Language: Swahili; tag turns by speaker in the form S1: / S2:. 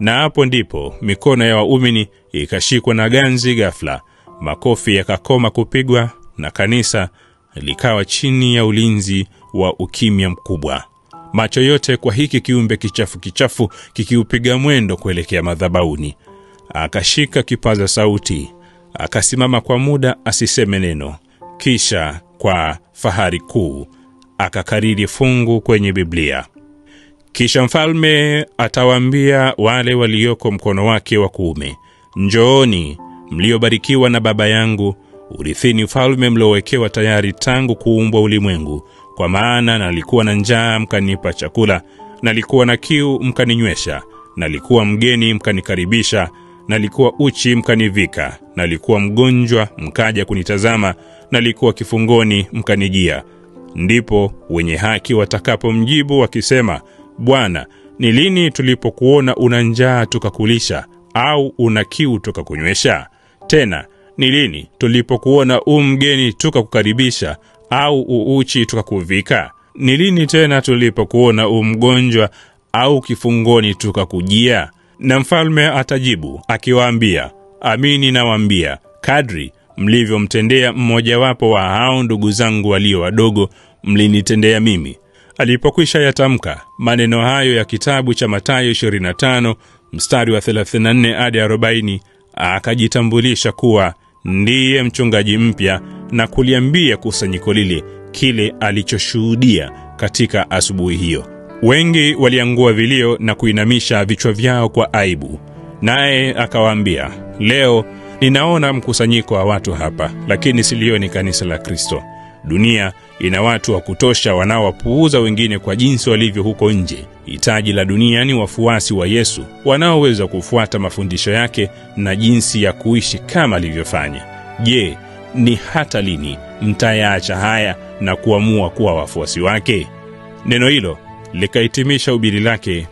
S1: na hapo ndipo mikono ya waumini ikashikwa na ganzi ghafla, makofi yakakoma kupigwa na kanisa likawa chini ya ulinzi wa ukimya mkubwa, macho yote kwa hiki kiumbe kichafu kichafu kikiupiga mwendo kuelekea madhabauni Akashika kipaza sauti, akasimama kwa muda asiseme neno, kisha kwa fahari kuu akakariri fungu kwenye Biblia. Kisha mfalme atawaambia wale walioko mkono wake wa kuume, njooni mliobarikiwa na Baba yangu, urithini ufalme mliowekewa tayari tangu kuumbwa ulimwengu. Kwa maana nalikuwa na njaa, mkanipa chakula, nalikuwa na kiu, mkaninywesha, nalikuwa mgeni, mkanikaribisha, nalikuwa uchi, mkanivika, nalikuwa mgonjwa, mkaja kunitazama, nalikuwa kifungoni, mkanijia. Ndipo wenye haki watakapomjibu wakisema Bwana, ni lini tulipokuona una njaa tukakulisha, au una kiu tukakunywesha? Tena ni lini tulipokuona u mgeni tukakukaribisha, au uuchi tukakuvika? Ni lini tena tulipokuona u mgonjwa au kifungoni tukakujia? Na mfalme atajibu akiwaambia, amini nawaambia, kadri mlivyomtendea mmojawapo wa hao ndugu zangu walio wadogo, mlinitendea mimi. Alipokwisha yatamka maneno hayo ya kitabu cha Mathayo 25 mstari wa 34 hadi 40, akajitambulisha kuwa ndiye mchungaji mpya na kuliambia kusanyiko lile kile alichoshuhudia katika asubuhi hiyo. Wengi waliangua vilio na kuinamisha vichwa vyao kwa aibu, naye akawaambia, leo ninaona mkusanyiko wa watu hapa, lakini silioni kanisa la Kristo. Dunia ina watu wa kutosha wanaowapuuza wengine kwa jinsi walivyo huko nje. Hitaji la dunia ni wafuasi wa Yesu wanaoweza kufuata mafundisho yake na jinsi ya kuishi kama alivyofanya. Je, ni hata lini mtayaacha haya na kuamua kuwa wafuasi wake? Neno hilo likahitimisha ubiri lake.